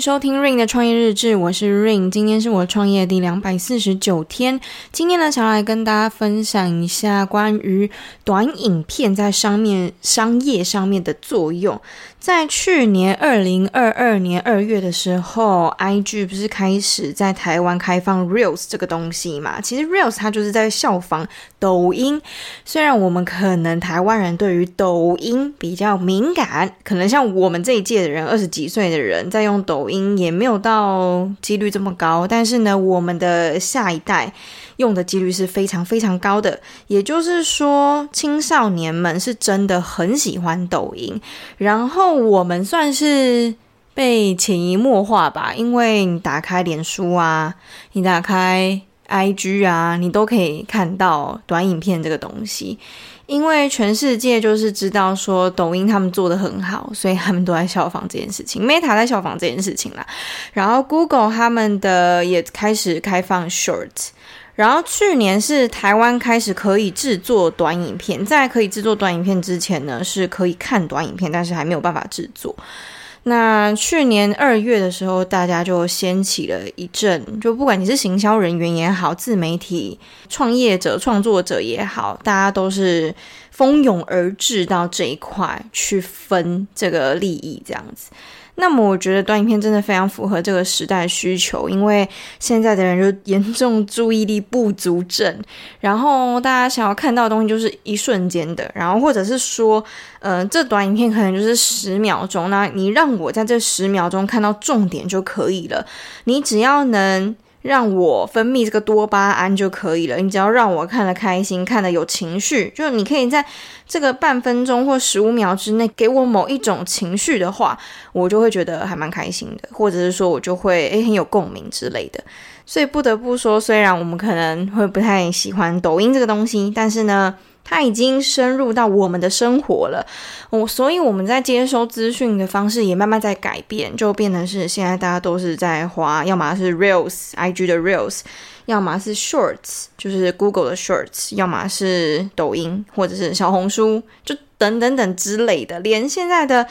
收聽 Ring 的創業日誌，我是 Ring，今天是我創業第兩百四十九天。今天呢，想要來跟大家分享一下關於短影片在商面商業上面的作用。在去年二零二二年二月的時候，IG 不是開始在台灣開放 Reels 這個東西嘛？其實 Reels 它就是在效仿抖音。雖然我們可能台灣人對於抖音比較敏感，可能像我們這一屆的人，二十幾歲的人在用抖。抖音也沒有到幾率這麼高，但是呢，我們的下一代用的幾率是非常非常高的。也就是說，青少年們是真的很喜歡抖音。然後我們算是被潛移默化吧，因為你打開臉書啊，你打開 IG 啊，你都可以看到短影片這個東西。因為全世界就是知道說抖音他們做得很好，所以他們都在效仿這件事情。Meta 在效仿這件事情啦，然後 Google 他們的也開始開放 Short，然後去年是台灣開始可以制作短影片，在可以制作短影片之前呢，是可以看短影片，但是還沒有辦法制作。那去年二月的時候，大家就掀起了一陣，就不管你是行銷人員也好，自媒體創業者、創作者也好，大家都是蜂擁而至到這一塊去分這個利益，這樣子。那麼，我覺得短影片真的非常符合這個時代需求，因為現在的人就嚴重注意力不足症，然後大家想要看到的東西就是一瞬間的，然後或者是說，嗯、呃，這短影片可能就是十秒鐘、啊，那你讓我在這十秒鐘看到重點就可以了，你只要能。讓我分泌這個多巴胺就可以了。你只要讓我看得開心，看得有情緒，就是你可以在這個半分鐘或十五秒之內給我某一種情緒的話，我就會覺得還蠻開心的，或者是說我就會誒、欸、很有共鳴之類的。所以不得不說，雖然我們可能會不太喜歡抖音這個東西，但是呢，它已經深入到我們的生活了，我所以我們在接收資訊的方式也慢慢在改變，就變成是現在大家都是在滑，要麼是 reels，IG 的 reels，要麼是 shorts，就是 Google 的 shorts，要麼是抖音或者是小紅書，就等等等之類的，連現在的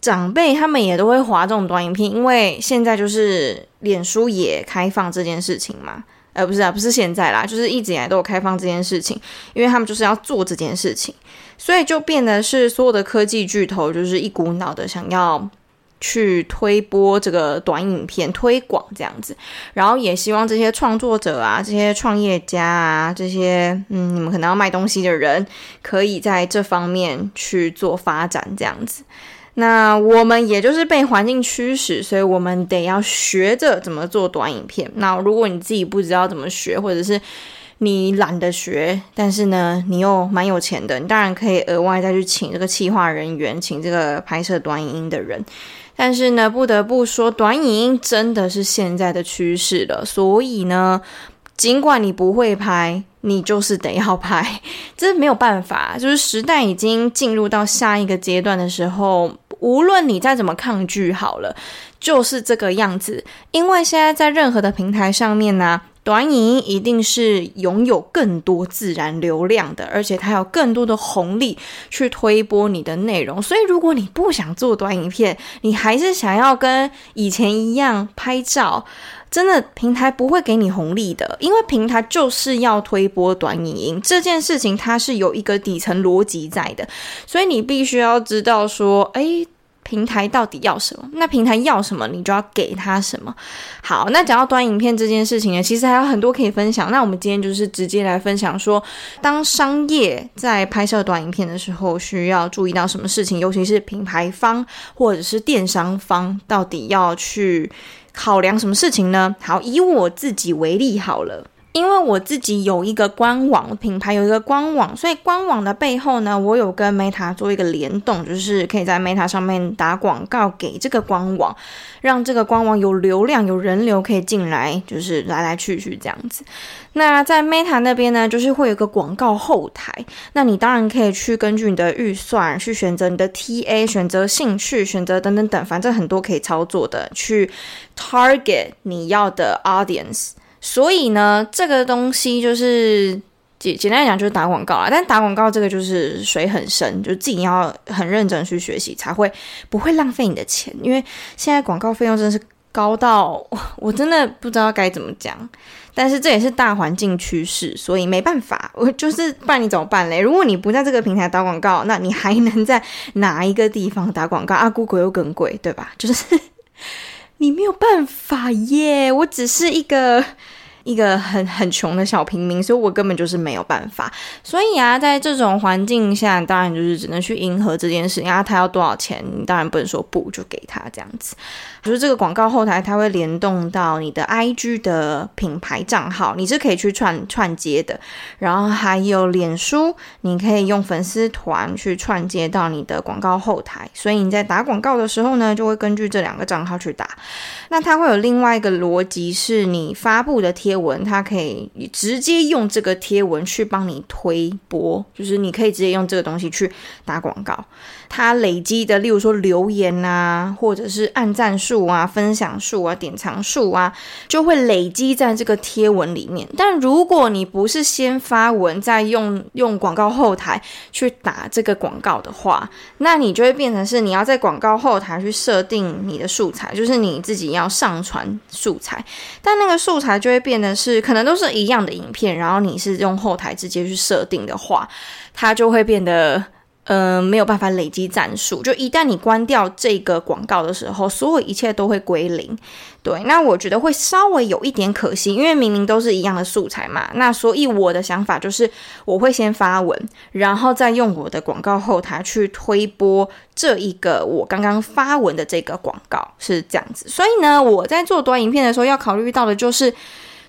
長輩他們也都會滑這種短影片，因為現在就是臉書也開放這件事情嘛。哎，不是啊，不是現在啦，就是一直以來都有開放這件事情，因為他們就是要做這件事情，所以就變得是所有的科技巨頭就是一股腦的想要去推播這個短影片推廣這樣子，然後也希望這些創作者啊、這些創業家啊、這些嗯，你們可能要賣東西的人，可以在這方面去做發展這樣子。那我們也就是被環境驅使，所以我們得要學着怎麼做短影片。那如果你自己不知道怎麼學，或者是你懶得學，但是呢，你又蠻有錢的，你當然可以額外再去請這個企劃人員，請這個拍攝短影音的人。但是呢，不得不說，短影音真的是現在的趨勢了。所以呢，儘管你不會拍，你就是得要拍，這沒有辦法。就是時代已經進入到下一個階段的時候。無論你再怎麼抗拒，好了，就是這個樣子。因為現在在任何的平台上面呢、啊，短影音一定是擁有更多自然流量的，而且它有更多的紅利去推播你的內容。所以，如果你不想做短影片，你還是想要跟以前一樣拍照。真的平台不會給你紅利的，因為平台就是要推播短影音這件事情，它是有一個底層邏輯在的，所以你必須要知道說，誒，平台到底要什麼？那平台要什麼，你就要給他什麼。好，那講到短影片這件事情呢，其實還有很多可以分享。那我們今天就是直接來分享說，當商業在拍攝短影片的時候，需要注意到什麼事情，尤其是品牌方或者是電商方到底要去。考量什麼事情呢？好，以我自己為例好了。因為我自己有一個官網品牌，有一個官網，所以官網的背後呢，我有跟 Meta 做一個聯動，就是可以在 Meta 上面打廣告給這個官網，讓這個官網有流量、有人流可以進來，就是來來去去這樣子。那在 Meta 那邊呢，就是會有一個廣告後台，那你當然可以去根據你的預算去選擇你的 TA，選擇興趣，選擇等等等、等，反正很多可以操作的，去 Target 你要的 Audience。所以呢，這個東西就是簡簡單來講就是打廣告啊。但打廣告這個就是水很深，就自己要很認真去學習，才會不會浪費你的錢。因為現在廣告費用真的是高到我真的不知道該怎麼講。但是這也是大環境趨勢，所以沒辦法，我就是不然你怎麼辦嘞？如果你不在這個平台打廣告，那你還能在哪一個地方打廣告啊？Google 又更貴，對吧？就是。你沒有辦法耶，我只是一個。一個很很窮的小平民，所以我根本就是沒有辦法。所以啊，在這種環境下，當然就是只能去迎合這件事情，啊，他要多少錢，你當然不能說不，就給他這樣子。就是這個廣告後台，它會聯動到你的 IG 的品牌賬號，你是可以去串串接的。然後還有臉書，你可以用粉絲團去串接到你的廣告後台。所以你在打廣告的時候呢，就會根據這兩個賬號去打。那它會有另外一個邏輯，是你發布的貼貼文，它可以直接用這個貼文去幫你推播，就是你可以直接用這個東西去打廣告。它累積的，例如說留言啊，或者是按讚數啊、分享數啊、典藏數啊，就會累積在這個貼文裡面。但如果你不是先發文，再用用廣告後台去打這個廣告的話，那你就會變成是你要在廣告後台去設定你的素材，就是你自己要上傳素材。但那個素材就會變成是可能都是一樣的影片，然後你是用後台直接去設定的話，它就會變得。嗯、呃，沒有辦法累積讚數，就一旦你關掉這個廣告的時候，所有一切都會歸零。對，那我覺得會稍微有一點可惜，因為明明都是一樣的素材嘛。那所以我的想法就是，我會先發文，然後再用我的廣告後台去推播這一個我剛剛發文的這個廣告，是這樣子。所以呢，我在做短影片的時候，要考慮到的就是，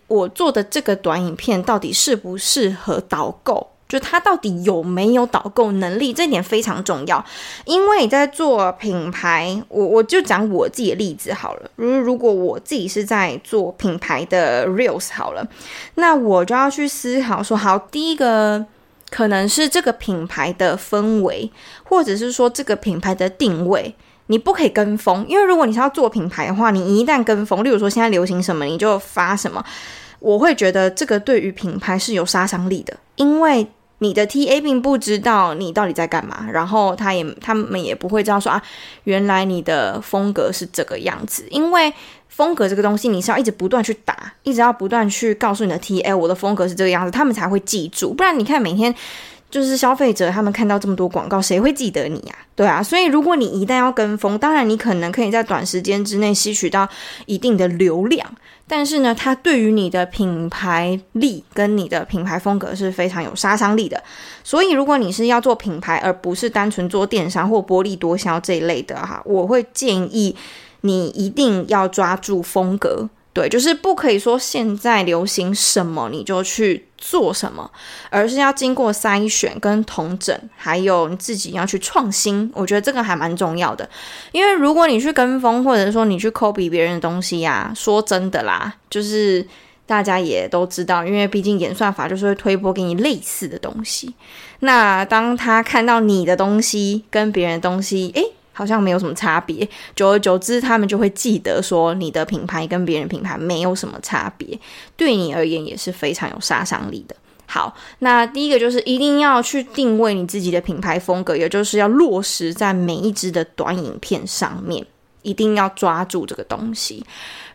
我做的這個短影片到底適不適合導購。就他到底有沒有導購能力，這一點非常重要。因為你在做品牌，我我就講我自己的例子好了。如果如果我自己是在做品牌的 reels 好了，那我就要去思考說，好，第一個可能是這個品牌的氛圍，或者是說這個品牌的定位，你不可以跟風。因為如果你是要做品牌的話，你一旦跟風，例如說現在流行什麼你就發什麼，我會覺得這個對於品牌是有殺傷力的，因為。你的 T A 並不知道你到底在幹嘛，然後他也他們也不會知道說啊，原來你的風格是這個樣子，因為風格這個東西你是要一直不斷去打，一直要不斷去告訴你的 T A，我的風格是這個樣子，他們才會記住。不然你看每天。就是消費者他們看到這麼多廣告，誰會記得你呀、啊？對啊，所以如果你一旦要跟風，當然你可能可以在短時間之內吸取到一定的流量，但是呢，它對於你的品牌力跟你的品牌風格是非常有殺傷力的。所以如果你是要做品牌，而不是單純做電商或薄利多銷這一類的哈，我會建議你一定要抓住風格。對，就是不可以說現在流行什麼你就去做什麼，而是要經過篩選跟統整，還有你自己要去創新。我覺得這個還蠻重要的，因為如果你去跟風，或者是說你去 copy 別人的東西呀、啊，說真的啦，就是大家也都知道，因為畢竟演算法就是會推播給你類似的東西。那當他看到你的東西跟別人的東西，誒好像沒有什麼差別，久而久之，他們就會記得說你的品牌跟別人品牌沒有什麼差別，對你而言也是非常有殺傷力的。好，那第一個就是一定要去定位你自己的品牌風格，也就是要落實在每一支的短影片上面，一定要抓住這個東西。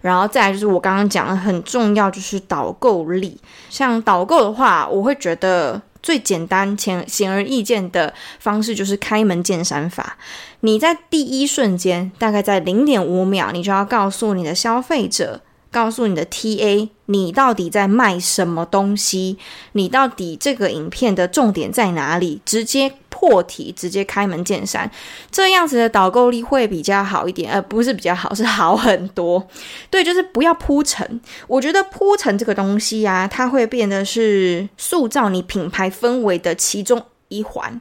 然後再來就是我剛剛講的很重要，就是導購力。像導購的話，我會覺得。最簡單、顯顯而易見的方式就是開門見山法。你在第一瞬間，大概在零點五秒，你就要告訴你的消費者，告訴你的 TA，你到底在賣什麼東西？你到底這個影片，的重點在哪裡？直接。破題直接開門見山，這樣子的導購力會比較好一點，而、呃、不是比較好，是好很多。對，就是不要鋪陳。我覺得鋪陳這個東西啊，它會變得是塑造你品牌氛圍的其中一環。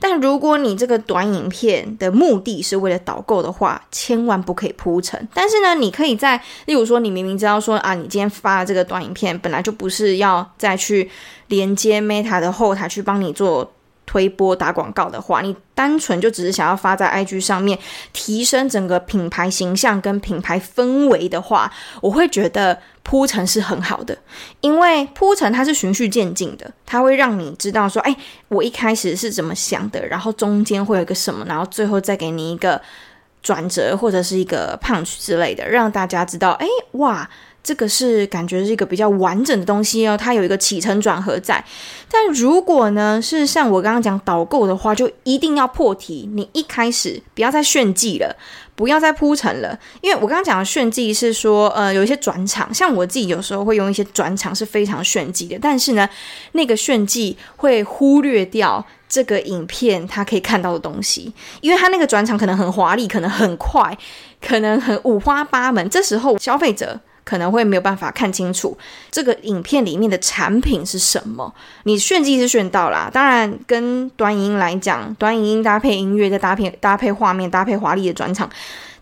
但如果你這個短影片的目的是為了導購的話，千萬不可以鋪陳。但是呢，你可以在，例如說，你明明知道說啊，你今天發的這個短影片本來就不是要再去連接 Meta 的後台去幫你做。推播打廣告的話，你單純就只是想要發在 IG 上面提升整個品牌形象跟品牌氛圍的話，我會覺得鋪陳是很好的，因為鋪陳它是循序漸進的，它會讓你知道說，哎，我一開始是怎麼想的，然後中間會有個什麼，然後最後再給你一個轉折或者是一個 punch 之類的，讓大家知道，哎，哇。這個是感覺是一個比較完整的東西哦，它有一個起承轉合在。但如果呢是像我剛剛講導購的話，就一定要破題。你一開始不要再炫技了，不要再鋪陳了。因為我剛剛講的炫技是說，呃，有一些轉場，像我自己有時候會用一些轉場是非常炫技的。但是呢，那個炫技會忽略掉這個影片它可以看到的東西，因為它那個轉場可能很華麗，可能很快，可能很五花八門。這時候消費者。可能會沒有辦法看清楚這個影片裡面的產品是什麼。你炫技是炫到啦，當然跟短影音來講，短影音搭配音樂，再搭配搭配畫面，搭配華麗的轉場，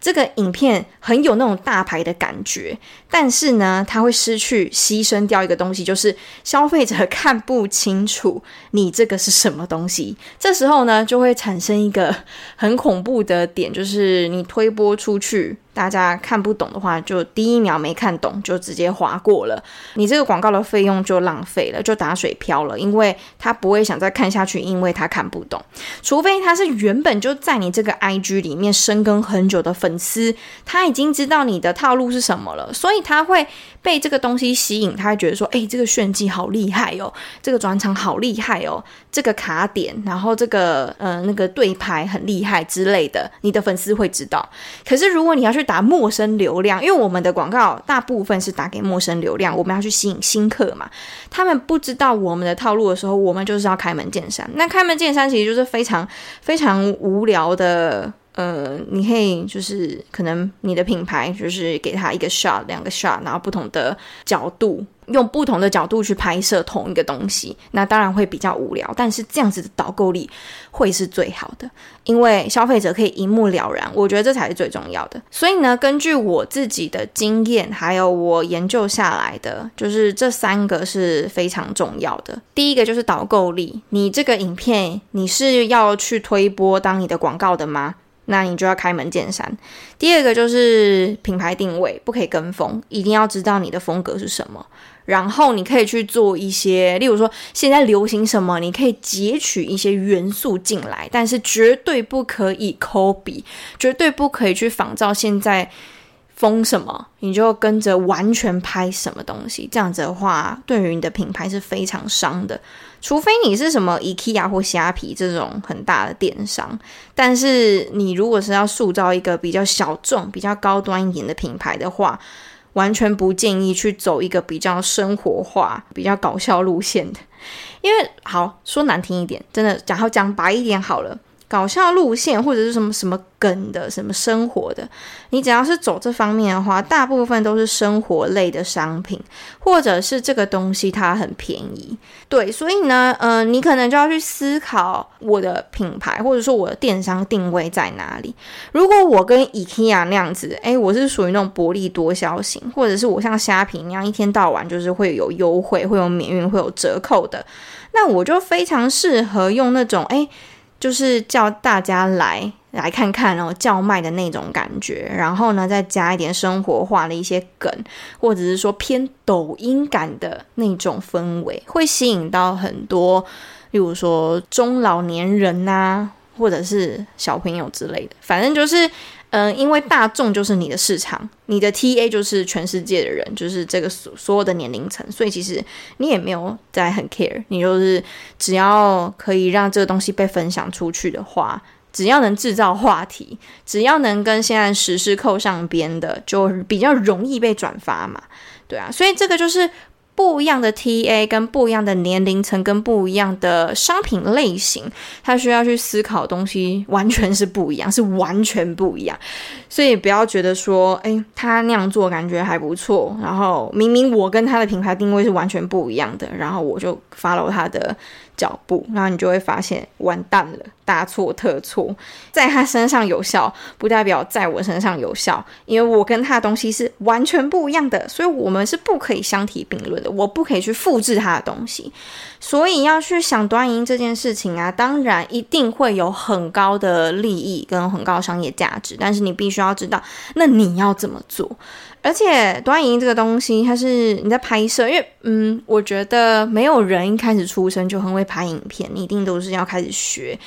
這個影片很有那種大牌的感覺。但是呢，它會失去、犧牲掉一個東西，就是消費者看不清楚你這個是什麼東西。這時候呢，就會產生一個很恐怖的點，就是你推播出去。大家看不懂的話，就第一秒沒看懂就直接劃過了。你這個廣告的費用就浪費了，就打水漂了，因為他不會想再看下去，因為他看不懂。除非他是原本就在你這個 IG 裡面深耕很久的粉絲，他已經知道你的套路是什麼了，所以他會被這個東西吸引，他會覺得說：“誒、欸，這個炫技好厲害哦，這個轉場好厲害哦，這個卡點，然後這個呃那個對牌很厲害之類的。”你的粉絲會知道。可是如果你要去，打陌生流量，因為我們的廣告大部分是打給陌生流量，我們要去吸引新客嘛。他們不知道我們的套路的時候，我們就是要開門見山。那開門見山其實就是非常非常無聊的，呃，你可以就是可能你的品牌就是給他一個 shot，兩個 shot，然後不同的角度。用不同的角度去拍攝同一個東西，那當然會比較無聊。但是這樣子的導購力會是最好的，因為消費者可以一目了然。我覺得這才是最重要的。所以呢，根據我自己的經驗，還有我研究下來的就是這三個是非常重要的。第一個就是導購力，你這個影片你是要去推播當你的廣告的嗎？那你就要開門見山。第二個就是品牌定位，不可以跟風，一定要知道你的風格是什麼。然後你可以去做一些，例如說現在流行什麼，你可以截取一些元素進來，但是絕對不可以 copy，絕對不可以去仿照現在風什麼，你就跟着完全拍什麼東西。這樣子的話，對於你的品牌是非常傷的。除非你是什麼 IKEA 或蝦皮這種很大的電商，但是你如果是要塑造一個比較小眾、比較高端一點的品牌的話。完全不建議去走一個比較生活化、比較搞笑路線的，因為好說難聽一點，真的，講好講白一點好了。搞笑路線或者是什麼什麼梗的，什麼生活的,你只要是走這方面的話，大部分都是生活類的商品，或者是這個東西它很便宜。對，所以呢，呃，你可能就要去思考我的品牌或者說我的電商定位在哪裡。如果我跟 IKEA 那樣子，誒、欸，我是屬於那種薄利多銷型，或者是我像蝦皮一樣一天到晚就是會有優惠、會有免運、會有折扣的，那我就非常適合用那種誒。欸就是叫大家來來看看、喔，然後叫賣的那種感覺，然後呢，再加一點生活化的一些梗，或者是說偏抖音感的那種氛圍，會吸引到很多，例如說中老年人吶、啊，或者是小朋友之類的，反正就是。嗯，因為大眾就是你的市場，你的 TA 就是全世界的人，就是這個所所有的年齡層，所以其實你也沒有在很 care，你就是只要可以讓這個東西被分享出去的話，只要能製造話題，只要能跟現在時事扣上邊的，就比較容易被轉發嘛，對啊，所以這個就是。不一樣的 TA 跟不一樣的年齡層跟不一樣的商品類型，他需要去思考東西完全是不一樣，是完全不一樣。所以不要覺得說，哎、欸，他那樣做感覺還不錯，然後明明我跟他的品牌定位是完全不一樣的，然後我就 follow 他的腳步，然後你就會發現完蛋了，大錯特錯。在他身上有效，不代表在我身上有效，因為我跟他的東西是完全不一樣的，所以我們是不可以相提並論的。我不可以去複製他的東西，所以要去想短影音這件事情啊，當然一定會有很高的利益跟很高的商業價值，但是你必須要知道，那你要怎麼做？而且，短影音這個東西，它是你在拍攝，因為，嗯，我覺得沒有人一開始出生就很會拍影片，你一定都是要開始學，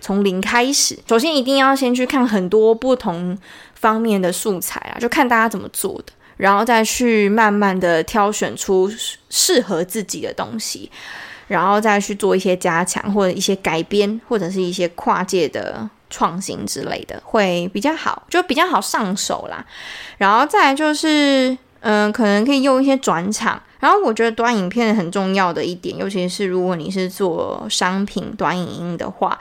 從零開始。首先，一定要先去看很多不同方面的素材啊，就看大家怎麼做的，然後再去慢慢的挑選出適合自己的東西，然後再去做一些加強，或者一些改編，或者是一些跨界的。創新之類的會比較好，就比較好上手啦。然後再來就是，嗯、呃，可能可以用一些轉場。然後我覺得短影片很重要的一點，尤其是如果你是做商品短影音的話，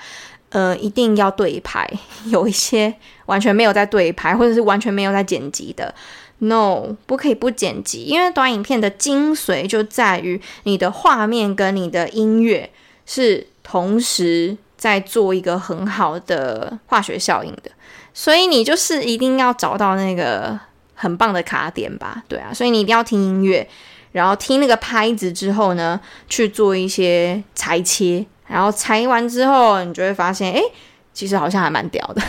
呃，一定要對拍。有一些完全沒有在對拍，或者是完全沒有在剪輯的，no，不可以不剪輯。因為短影片的精髓就在於你的畫面跟你的音樂是同時。在做一個很好的化學效應的，所以你就是一定要找到那個很棒的卡點吧，對啊，所以你一定要聽音樂，然後聽那個拍子之後呢，去做一些裁切，然後裁完之後，你就會發現，欸，其實好像還蠻屌的，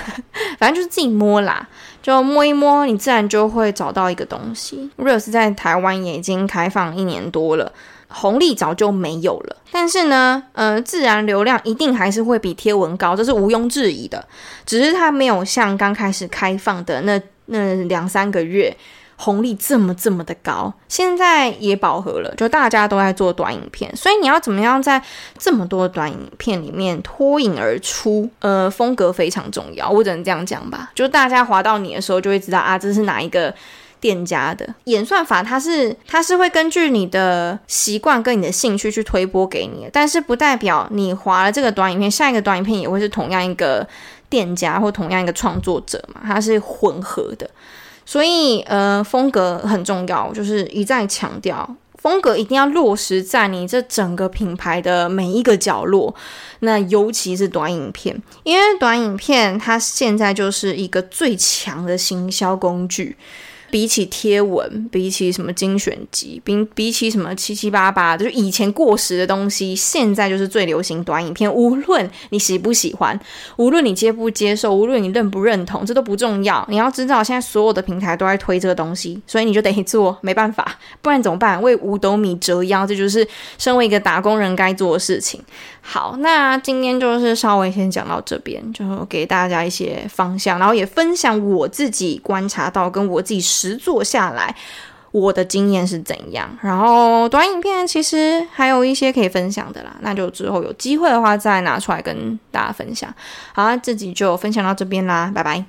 反正就是自己摸啦。就摸一摸，你自然就會找到一個東西。Reels 在台灣也已經開放一年多了，紅利早就沒有了。但是呢，呃，自然流量一定還是會比貼文高，這是毋庸置疑的。只是它沒有像剛開始開放的那那兩三個月。紅利這麼這麼的高，現在也飽和了，就大家都在做短影片，所以你要怎麼樣在這麼多短影片裡面脫穎而出？呃，風格非常重要，我只能這樣講吧。就大家滑到你的時候，就會知道啊，這是哪一個店家的演算法，它是它是會根據你的習慣跟你的興趣去推播給你，但是不代表你滑了這個短影片，下一個短影片也會是同樣一個店家或同樣一個創作者嘛。它是混合的。所以，呃，風格很重要，就是一再強調，風格一定要落實在你這整個品牌的每一個角落。那尤其是短影片，因為短影片它現在就是一個最強的行銷工具。比起貼文，比起什麼精選集，比比起什麼七七八八，就以前過時的東西，現在就是最流行短影片。無論你喜不喜歡，無論你接不接受，無論你認不認同，這都不重要。你要知道，現在所有的平台都在推這個東西，所以你就得做，沒辦法，不然怎麼辦？為五斗米折腰，這就是身為一個打工人該做的事情。好，那今天就是稍微先講到這邊，就給大家一些方向，然後也分享我自己觀察到跟我自己直做下來，我的經驗是怎樣？然後短影片其實還有一些可以分享的啦，那就之後有機會的話再拿出來跟大家分享。好，這集就分享到這邊啦，拜拜。